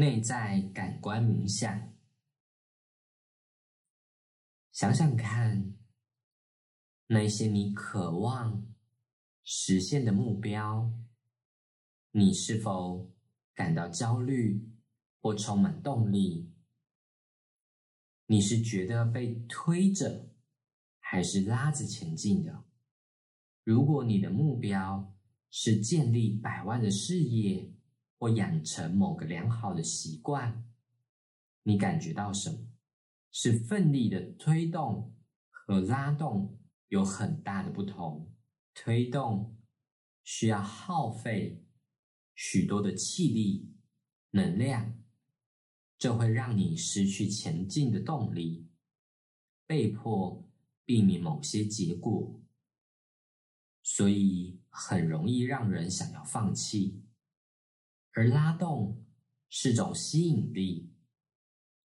內在感官冥想，想想看，那些你渴望實現的目標，你是否感到焦慮或充滿動力？你是覺得被推着，還是拉着前進的？如果你的目標是建立百萬的事業，或養成某個良好的習慣，你感覺到什麼？是奮力的推動和拉動有很大的不同。推動需要耗費許多的氣力、能量，這會讓你失去前進的動力，被迫避免某些結果，所以很容易讓人想要放棄。而拉動是種吸引力，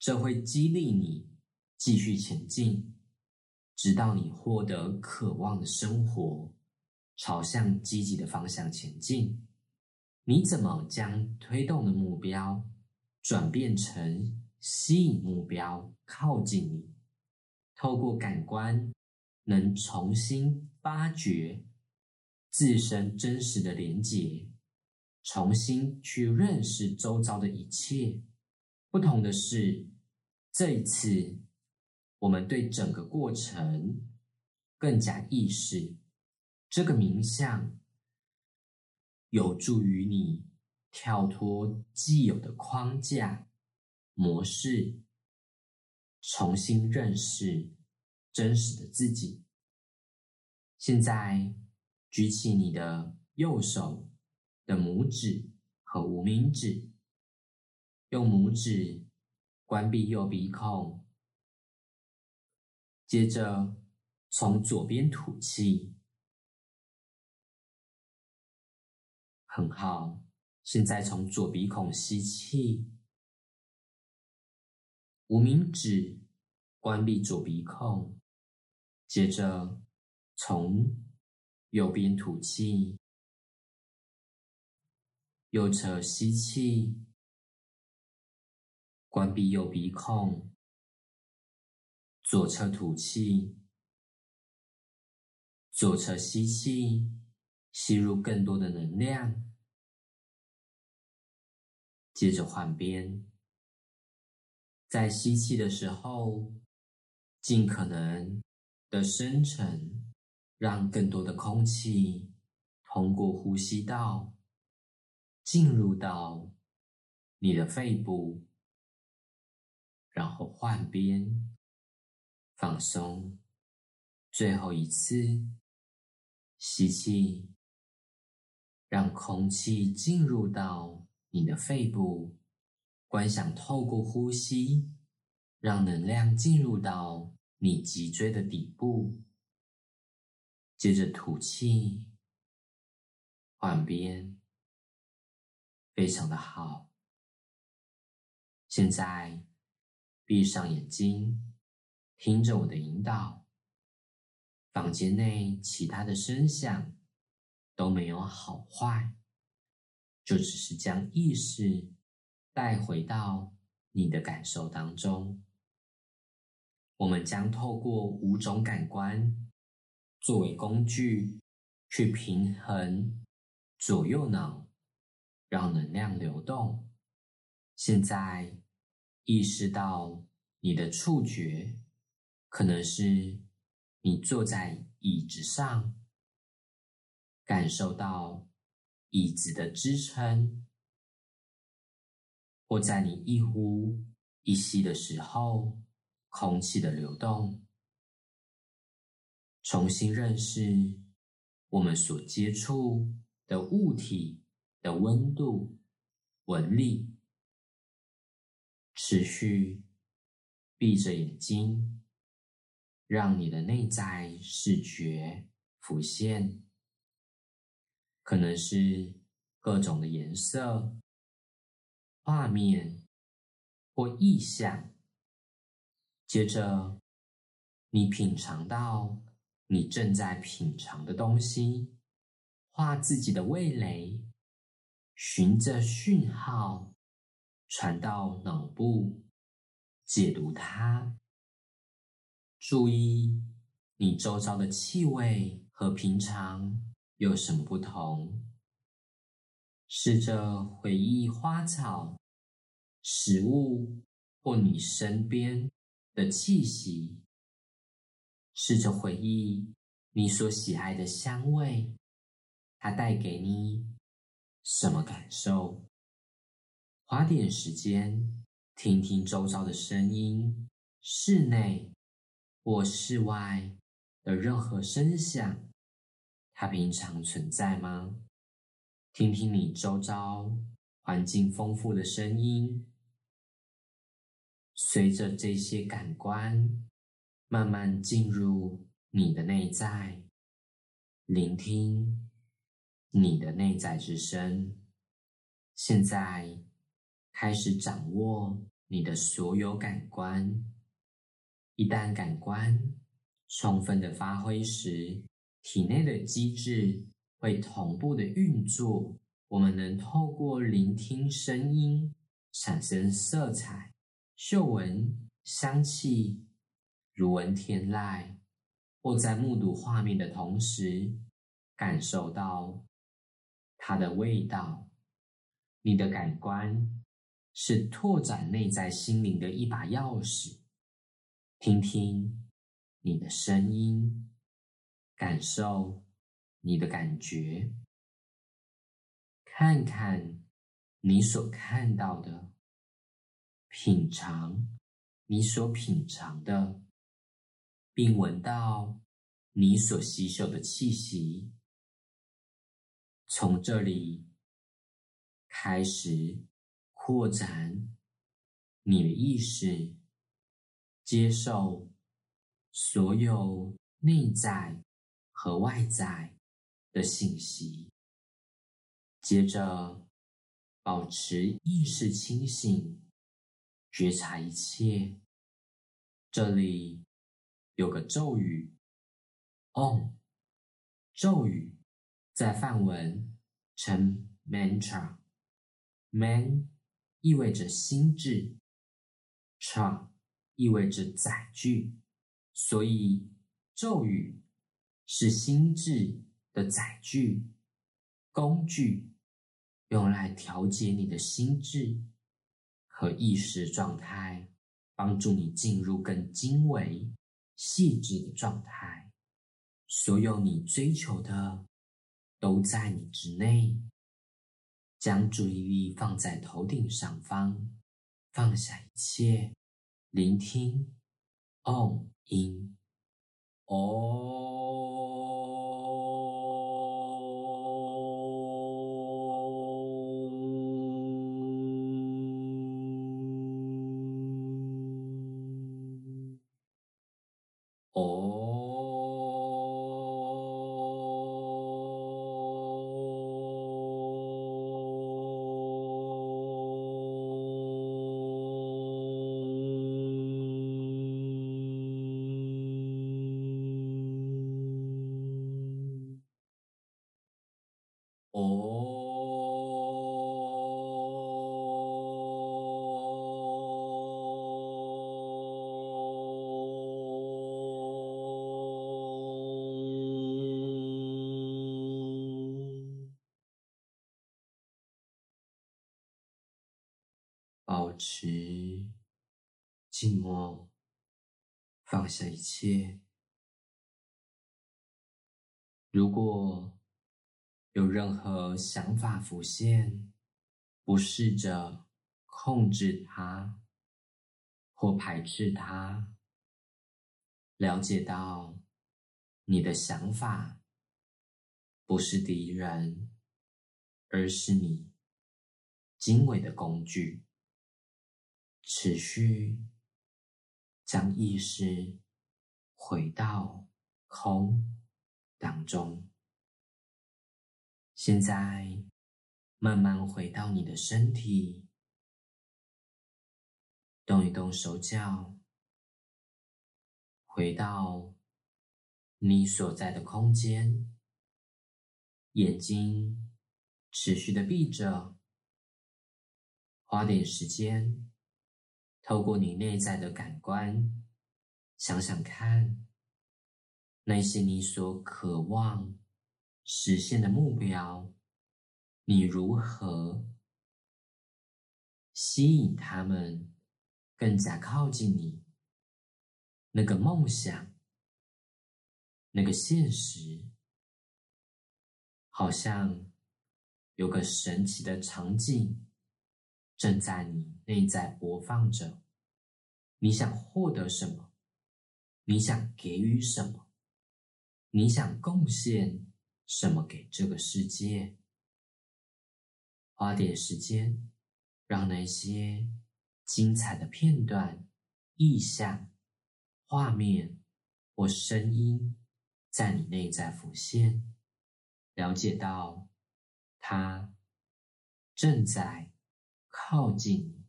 這會激勵你繼續前進，直到你獲得渴望的生活，朝向積極的方向前進。你怎麼將推動的目標轉變成吸引目標，靠近你？透過感官，能重新發掘自身真實的連結。重新去認識周遭的一切，不同的是，這一次我們對整個過程更加意識。這個冥想有助於你跳脫既有的框架模式，重新認識真實的自己。現在舉起你的右手。的拇指和無名指，用拇指關閉右鼻孔，接着從左邊吐氣。很好，現在從左鼻孔吸氣。無名指關閉左鼻孔，接着從右邊吐氣。右側吸氣，關閉右鼻孔；左側吐氣。左側吸氣，吸入更多的能量。接着換邊，在吸氣的時候，盡可能的深沉，讓更多的空氣通過呼吸道，進入到你的肺部，然後換邊，放鬆，最後一次，吸氣，讓空氣進入到你的肺部，觀想透過呼吸，讓能量進入到你脊椎的底部，接着吐氣，換邊。非常的好。現在，閉上眼睛，聽着我的引導。房間內其他的聲響都沒有好壞，就只是將意識帶回到你的感受當中。我們將透過五種感官作為工具，去平衡左右腦。讓能量流動。現在，意識到你的觸覺，可能是你坐在椅子上，感受到椅子的支撐，或在你一呼一吸的時候，空氣的流動。重新認識我們所接觸的物體。的溫度、紋理，持續閉着眼睛，讓你的內在視覺浮現，可能是各種的顏色、畫面或意象。接着，你品嘗到你正在品嘗的東西，畫自己的味蕾。循着訊號傳到腦部，解讀它。注意你周遭的氣味和平常有什麼不同。試着回憶花草、食物或你身邊的氣息。試着回憶你所喜愛的香味，它帶給你，什麼感受？花點時間聽聽周遭的聲音，室內或室外的任何聲響，它平常存在嗎？聽聽你周遭環境豐富的聲音，隨着這些感官慢慢進入你的內在，聆聽。你的內在之聲，現在開始掌握你的所有感官。一旦感官充分的發揮時，體內的機制會同步的運作。我們能透過聆聽聲音產生色彩、嗅聞香氣、如聞天籟，或在目睹畫面的同時感受到。它的味道，你的感官是拓展內在心靈的一把鑰匙。聽聽你的聲音，感受你的感覺，看看你所看到的，品嘗你所品嘗的，並聞到你所吸收的氣息。從這裡開始擴展你的意識，接受所有內在和外在的信息，接着保持意識清醒，覺察一切。這裡有個咒語，On、Oh, 咒語。在梵文稱 mantra，man 意味着心智，tra 意味着載具，所以咒語是心智的載具工具，用來調節你的心智和意識狀態，幫助你進入更精微細緻的狀態。所有你追求的。都在你之內。將注意力放在頭頂上方，放下一切，聆聽。哦，音，哦。寂寞，放下一切。如果有任何想法浮現，不試着控制它或排斥它，了解到你的想法不是敵人，而是你精微的工具，持續。將意識回到空當中，現在慢慢回到你的身體，動一動手腳，回到你所在的空間，眼睛持續的閉着，花點時間。透過你內在的感官，想想看，那些你所渴望實現的目標，你如何吸引他們更加靠近你？那個夢想，那個現實，好像有個神奇的場景。正在你內在播放着，你想獲得什麼？你想給予什麼？你想貢獻什麼給這個世界？花點時間，讓那些精彩的片段、意象、畫面或聲音在你內在浮現，了解到，它正在。靠近，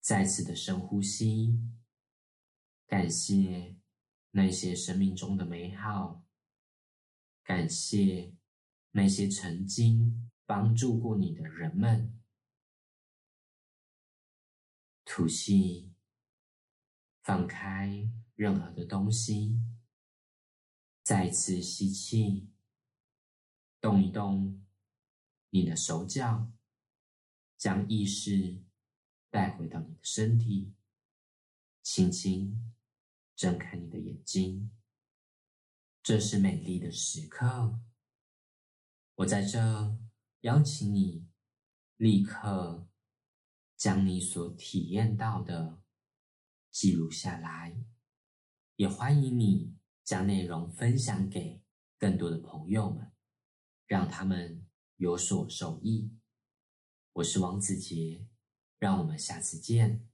再次的深呼吸，感謝那些生命中的美好，感謝那些曾經幫助過你的人們。吐氣，放開任何的東西，再次吸氣，動一動你的手腳。將意識帶回到你的身體，輕輕睜開你的眼睛。這是美麗的時刻。我在這邀請你立刻將你所體驗到的記錄下來，也歡迎你將內容分享給更多的朋友們，讓他們有所受益。我是王子杰，讓我們下次見。